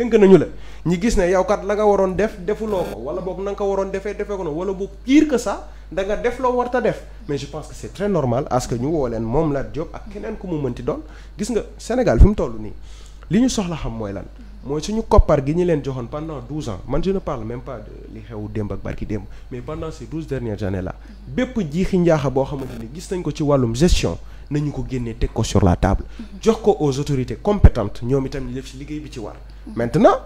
dénk nañu la ñi gis ne yow la nga waroon def defuloo ko wala boog nanga ko waroon defee defee ko noonu wala boog pire que ça da def loo warta def mais je pense que c'est très normal à que ñu woo leen moom laa Diop ak keneen ku mu mënti doon gis nga Sénégal fi mu toll nii li ñu soxla xam mooy lan mooy suñu koppar gi ñu leen joxoon pendant douze ans man je ne parle même pas li xew démb ak barki démb mais pendant ces douze dernières années là bépp jiixi njaaxa boo xamante ni gis nañ ko ci wàllum gestion nañu ko génne teg ko sur la table jox ko aux autorités compétentes ñoom itam ñu def ci liggéey bi ci war maintenant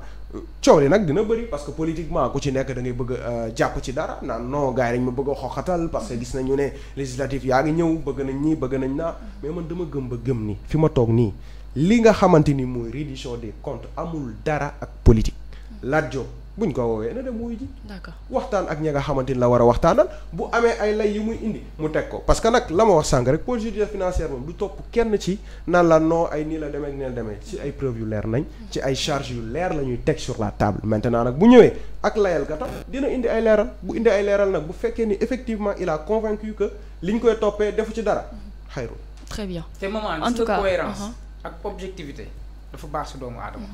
coow li nag dina bëri parce que politiquement ku ci nekk dangay bëgg a jàpp ci dara naan non gars yi dañ ma bëgg a xoxatal parce que gis nañu ne législatif yaa ngi ñëw bëgg nañ ñii bëgg nañ naa mais man dama gëm ba gëm ni fi ma toog nii li nga xamante ni mooy reddition des comptes amul dara ak politique. Lat bu ñu ko woowee na dem wuy ji. d'accord waxtaan ak ña nga xamante ni la war a waxtaanal bu amee ay lay yu muy indi mu teg ko parce que nag la ma wax sànq rek pôle judiciaire financière moom du topp kenn ci naan la noo ay nii la demee neen demee ci ay preuve yu leer nañ. ci ay charges yu leer la ñuy teg sur la table. maintenant nag bu ñëwee ak layal ka tax dina indi ay leeral bu indi ay leeral nag bu fekkee ni effectivement il a convaincu que liñ koy toppee defu ci dara mm-hmm. xayru. très bien te en tout cas cohérence uh-huh. ak objectivité dafa baax si doomu aadama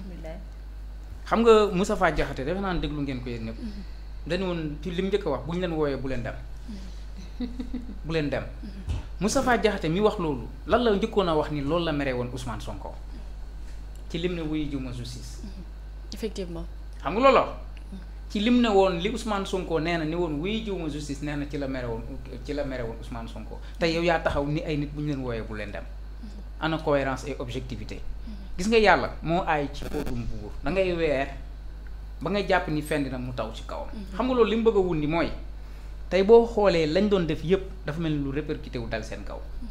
xam nga Moustapha jaxate dafa naan déglu ngeen ko yéen ñëpp mm-hmm. dañu li njëkk a wax bu ñu leen wooyee bu leen dem mm-hmm. bu leen dem mm-hmm. Moustapha Diakhaté mi wax loolu lan la njëkkoon a wax ni loolu la meree woon Ousmane Sonko ci lim ne wuyu jiw ma justice effectivement xam nga loolu ci lim ne woon li Ousmane Sonko nee na ni woon wuyu jiw ma justice nee na ci la mere woon ci la mere woon Ousmane Sonko te yaa taxaw ni ay nit bu ñu leen wooyee bu leen dem ana cohérence et objectivité gis nga yàlla moo ay ci póotum buur da ngay weer ba ngay jàpp ni fenn na mu taw ci kawam mhm. xam nga loolu li mu bëgg a wundi mooy tey boo xoolee lañ doon def yépp dafa mel ni lu répercuté wu dal seen kaw mhm.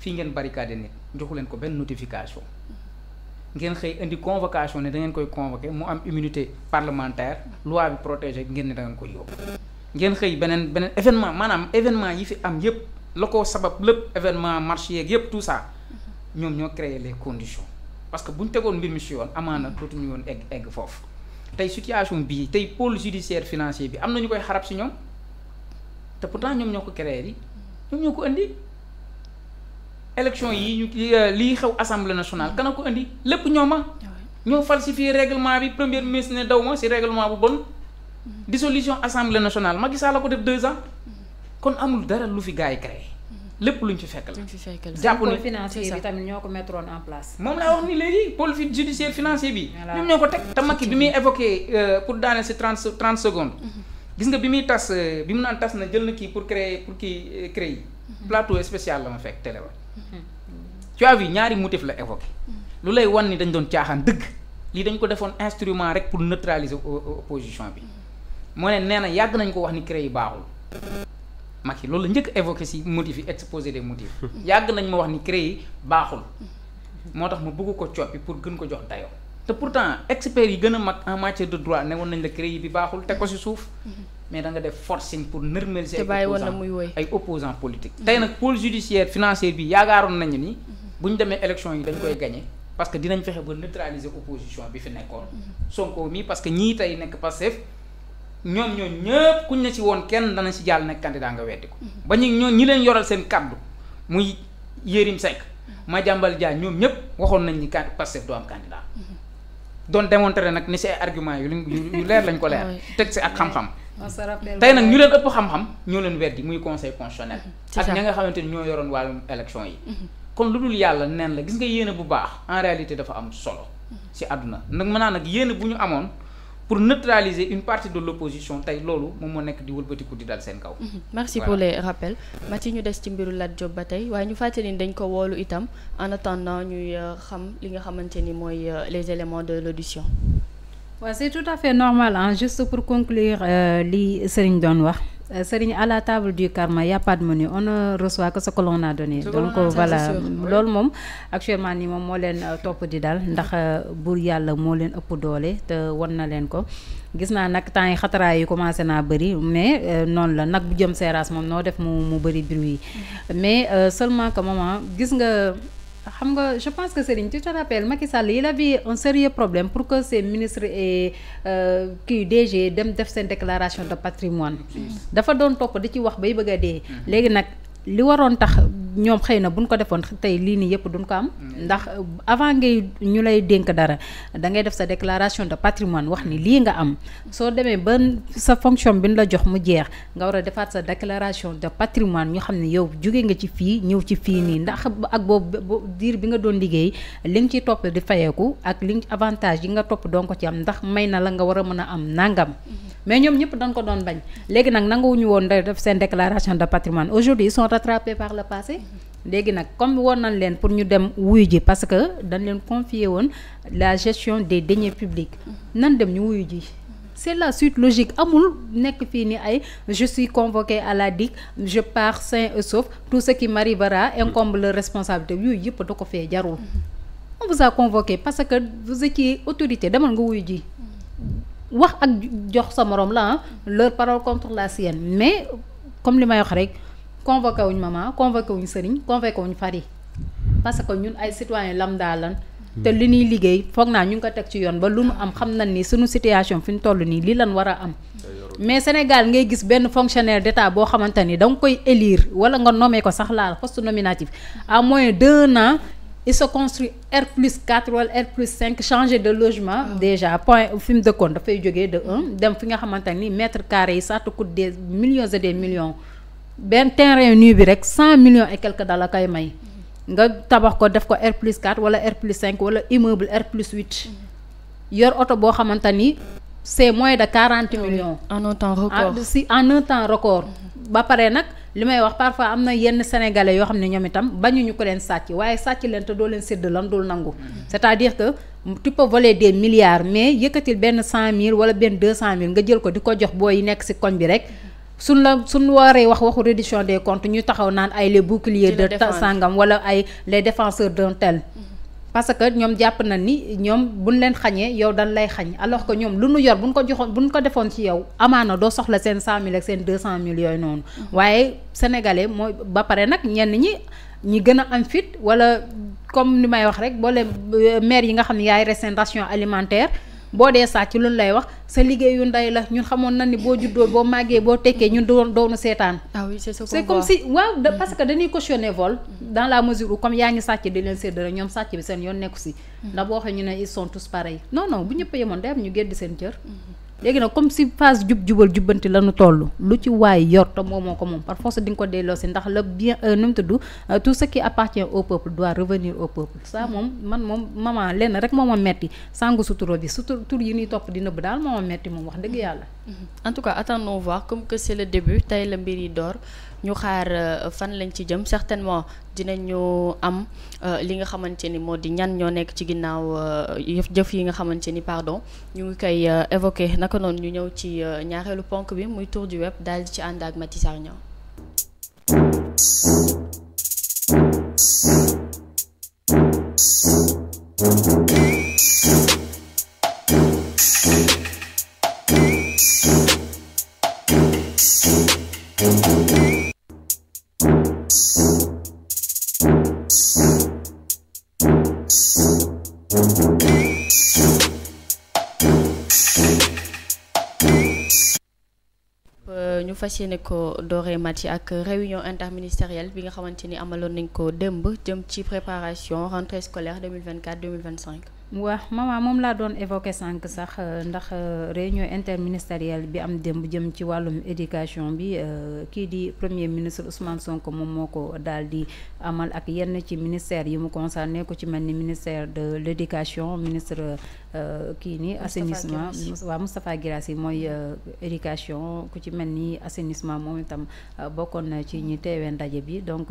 fii ngeen barricade nit joxu leen ko benn notification mhm. ngeen xëy indi convocation ne da ngeen koy convoqué mu am immunité parlementaire loi bi protégé ngeen ne da ngeen koy yóbbu ngeen xëy beneen beneen événement maanaam événement yi fi am yépp la ko sabab lépp événement marché yeeg yépp tout ça ñoom ñoo créer les conditions parce que bu ñu tegoon mbir mi si yoon amaana dootuñu woon egg egg foofu tey situation bii tey pôle judiciaire financier bi am na ñu koy xarab si ñoom te pourtant ñoom ñoo ko créer yi ñoom ñoo ko indi élection yi ñu euh, lii xew assemblée nationale kana ko indi lépp ñoo ma ñoo falsifié règlement bi premier ministre ne daw ma si règlement bu bon mm. dissolution assemblée nationale ma Sall ko def deux ans mm. kon amul dara lu fi gars yi créé lépp lu luñ ci fekk la. jàpp ne financier bi tamit ñoo ko mettre en place. moom laa wax ni léegi pôle judiciaire financier bi. ñoom ñoo ko teg te Macky bi muy évoqué euh, pour daaneel si trente trente secondes. Mm-hmm. gis nga bi muy tas euh, bi mu naan tas na jël na kii pour créer pour kii euh, créer mm-hmm. plateau spécial la ma fekk télé wa. Mm-hmm. tu as ñaari motif la évoqué. lu lay wan ni dañ doon caaxaan dëgg. lii dañ ko defoon instrument rek pour neutraliser opposition bi. moo ne nee na yàgg nañ ko wax ni créer baaxul. Macky loolu la njëkk évoqué si motifs yi exposé des motifs yàgg nañ ma wax ni CREI baaxul moo tax ma bëgg ko coppi pour gën ko jox dayoo te pourtant experts yi gën a mag en matière de droit ne woon nañ la CREI bi baaxul te ko si suuf mais da nga def forcing pour normaliser te bàyyi woon na muy woy ay opposants politiques tey nag pôle judiciaire financier bi yaakaaroon nañu ni bu ñu demee élection yi dañ koy gagné parce que dinañ fexe ba neutraliser opposition bi fi nekkoon mhm. Sonko mi parce que ñii tey nekk Pastef ñoom ñoo ñëpp kuñ na ci woon kenn dana ci jàll nekk candidat nga weddi ko ba ñu ñoo ñi leen yoral seen kàddu muy Yérim ma jàmbal Diagne ñoom ñëpp waxoon nañ ni Pastef doo am candidat doon démontrer nag ni ci ay argument yu yu leer lañ ko leer teg ci ak xam-xam tey nag ñu leen ëpp xam-xam ñoo leen weddi muy conseil constitutionnel mm-hmm. ak ña nga xamante ni ñoo yoroon wàllum élection yi mm-hmm. kon lu dul yàlla neen la gis nga yéene bu baax en réalité dafa am solo mm-hmm. ci àdduna nag mën naa nag yéene bu ñu amoon pour neutraliser une partie de l'opposition tey loolu moom moo nekk di wëlbatiku di dal seen kaw. Mhm. merci pour les rappels Maty ñu des ci mbiru Lat ba tey waaye ñu fàttali ni dañ ko woolu itam en attendant ñuy euh, xam li nga xamante ni mooy euh, les éléments de l'audition. waaw ouais, c'est tout à fait normal juste pour conclure euh, li Serigne doon wax. Euh, Serigne à la table du karma y a pas de menu on ne reçoit que ce que l'on moom actuellement nii moom moo leen euh, topp di daal ndax euh, buur yàlla moo leen ëpp doole te won na leen ko gis naa nag temps yi xataraay yi commencé naa bëri mais euh, noonu la nag bu jëm seeraas moom noo def mu bari bëri bruit yi mm-hmm. mais euh, seulement que maman gis nga xam nga je pense que Serigne tu te rappelles Macky Sall il bi un sérieux problème pour que ses ministres et euh, kii DG dem def seen déclaration de patrimoine dafa doon topp di ci wax bay bëgg a dee mm-hmm. léegi nag li waroon tax ñoom xëy na buñ ko defoon tey lii nii yëpp duñ ko am mm. ndax avant ngay ñu lay dénk dara da ngay def sa déclaration de patrimoine wax ni lii nga am soo demee ba sa fonction bi ñu la jox mu jeex nga war a defaat sa déclaration de patrimoine ñu xam ne yow jóge nga ci fii ñëw ci fii nii ndax ak boobu diir bi nga doon liggéey li nga ci topp di fayeeku ak li avantage yi nga topp doon ko ci am ndax may na la nga war a mën a am nangam. Mm-hmm. mais ñoom ñëpp danga ko doon bañ léegi nag nanguwuñu woon def seen déclaration de patrimoine aujourd'hui ils sont rattrapés par le passé léegi nag comme woon nañ leen pour ñu dem wuyu ji parce que dañ leen confier woon la gestion des deniers publics nan dem ñu wuyu ji c'est la suite logique amul nekk fii ni ay je suis convoqué à la DIC je pars sain et sauf tout ce qui m'arrivera incombe leur responsabilité yooyu yëpp du ko fee jarul a convoqué parce que vous étiez autorité demal nga wuyu ji wax ak jox sa morom la ah leur parole contre la sienne mais comme li may wax rek convoqué wuñ maman convoqué wuñ sëriñ convoqué wuñ fari parce que ñun ay citoyen lambda lan hmm. te li ñuy liggéey foog naa ñu ngi ko teg ci yoon ba lu nu am xam na ni suñu situation fi ñu toll nii li lan war a am mais Sénégal ngay gis benn fonctionnaire d'état boo xamante ni da nga koy élire wala nga nommé ko sax laal poste nominatif à moins d'un an il se construit R plus 4 wala R plus 5 changer de logement ah. déjà point fi mu dëkkoon dafay jógee de un dem fi nga xamante ni mètre carré yi ça te coûte des millions et des millions benn terrain nu bi rek cent millions et quelques da la koy may nga tabax ko def ko R plus 4 wala R plus cinq wala immeuble R plus 8 mm. yor oto boo xamante ni c'est moins de 40 ah millions en un temps ah, si en un temps record mm-hmm. ba pare nag li may wax parfois am na yenn sénégalais yoo xam ne ñoom itam bañuñu ko leen sàcc waaye sàcc leen te doo leen sédd lan dul nangu. c'est-à-dire que tu peux voler des milliards mais yëkkatil benn cent mille wala benn deux cent mille nga jël ko di ko jox booy yi nekk ci koñ bi rek. su suñ la suñ waree wax waxu reddition des comptes ñu taxaw naan ay le boucliers de sangam wala ay les défenseurs d'un tel parce que ñoom jàpp na ni ñoom buñ leen xañee yow dañ lay xañ alors que ñoom lu nu yor buñ ko joxoon buñ ko defoon ci yow amaana doo soxla seen cent mille ak seen deux cent mille yooyu noonu mm-hmm. waaye sénégalais mooy ba pare nag ñenn ñi ñi gën a am fit wala comme ni may wax rek boole euh, maire yi nga xam ne yaay restauration alimentaire boo dee sàcc lu ñu lay wax sa liggéeyu ndey la ñun xamoon na ni boo juddoo boo màggee boo tekkee ñu doon doonu seetaan. ah oui c'est ça c'est comme si waaw ouais, mm. parce que dañuy cautionner dans la mesure où comme yaa ngi sàcc di leen séddale ñoom sàcc bi seen yoon nekku si. Mm. ndax boo waxee ñu ne ils sont tous pareils non non bu ñëpp yemoon day am ñu gédd seen cër. Mm. léegi nag comme si phase jub jubal jubbanti la ñu toll lu ci waay yor te moomoo ko moom par force di nga ko delloo si ndax la bien euh, nu mu tudd euh, tout ce qui appartient au peuple doit revenir au peuple ça moom man moom maman lenn rek moom ma metti sangu sutura bi sutur tur yi ñuy topp di nëbb daal moo ma metti moom wax dëgg yàlla Mhm. en tout cas attendons voir comme que c'est le début tey la mbir yi door ñu xaar euh, fan lañ ci jëm certainement dinañu am euh, li nga xamante ni moo di ñan ñoo nekk ci ginnaaw euh, yëf jëf yi nga xamante ni pardon ñu ngi koy évoquer naka noonu ñu ñëw ci ñaaxeelu ponk bi muy tour du web daal di ci ànd ak Mati Sarr fas yéene ko dooree mat yi ak réunion interministérielle bi nga xamante ni amaloon nañ ko démb jëm ci préparation rentrée scolaire vingt 2025 waaw maman moom laa doon évoqué sànq sax euh, ndax euh, réunion interministérielle bi am démb jëm ci wàllum éducation bi euh, kii di premier ministre Ousmane Sonko moom moo ko daal di amal ak yenn ci ministère yi mu concerné ku ci mel ni ministère de l' éducation ministre kii ni assainissement waaw Moustapha Guirassy mooy éducation ku ci mel ni assainissement moom itam bokkoon na ci ñi teewee ndaje bi donc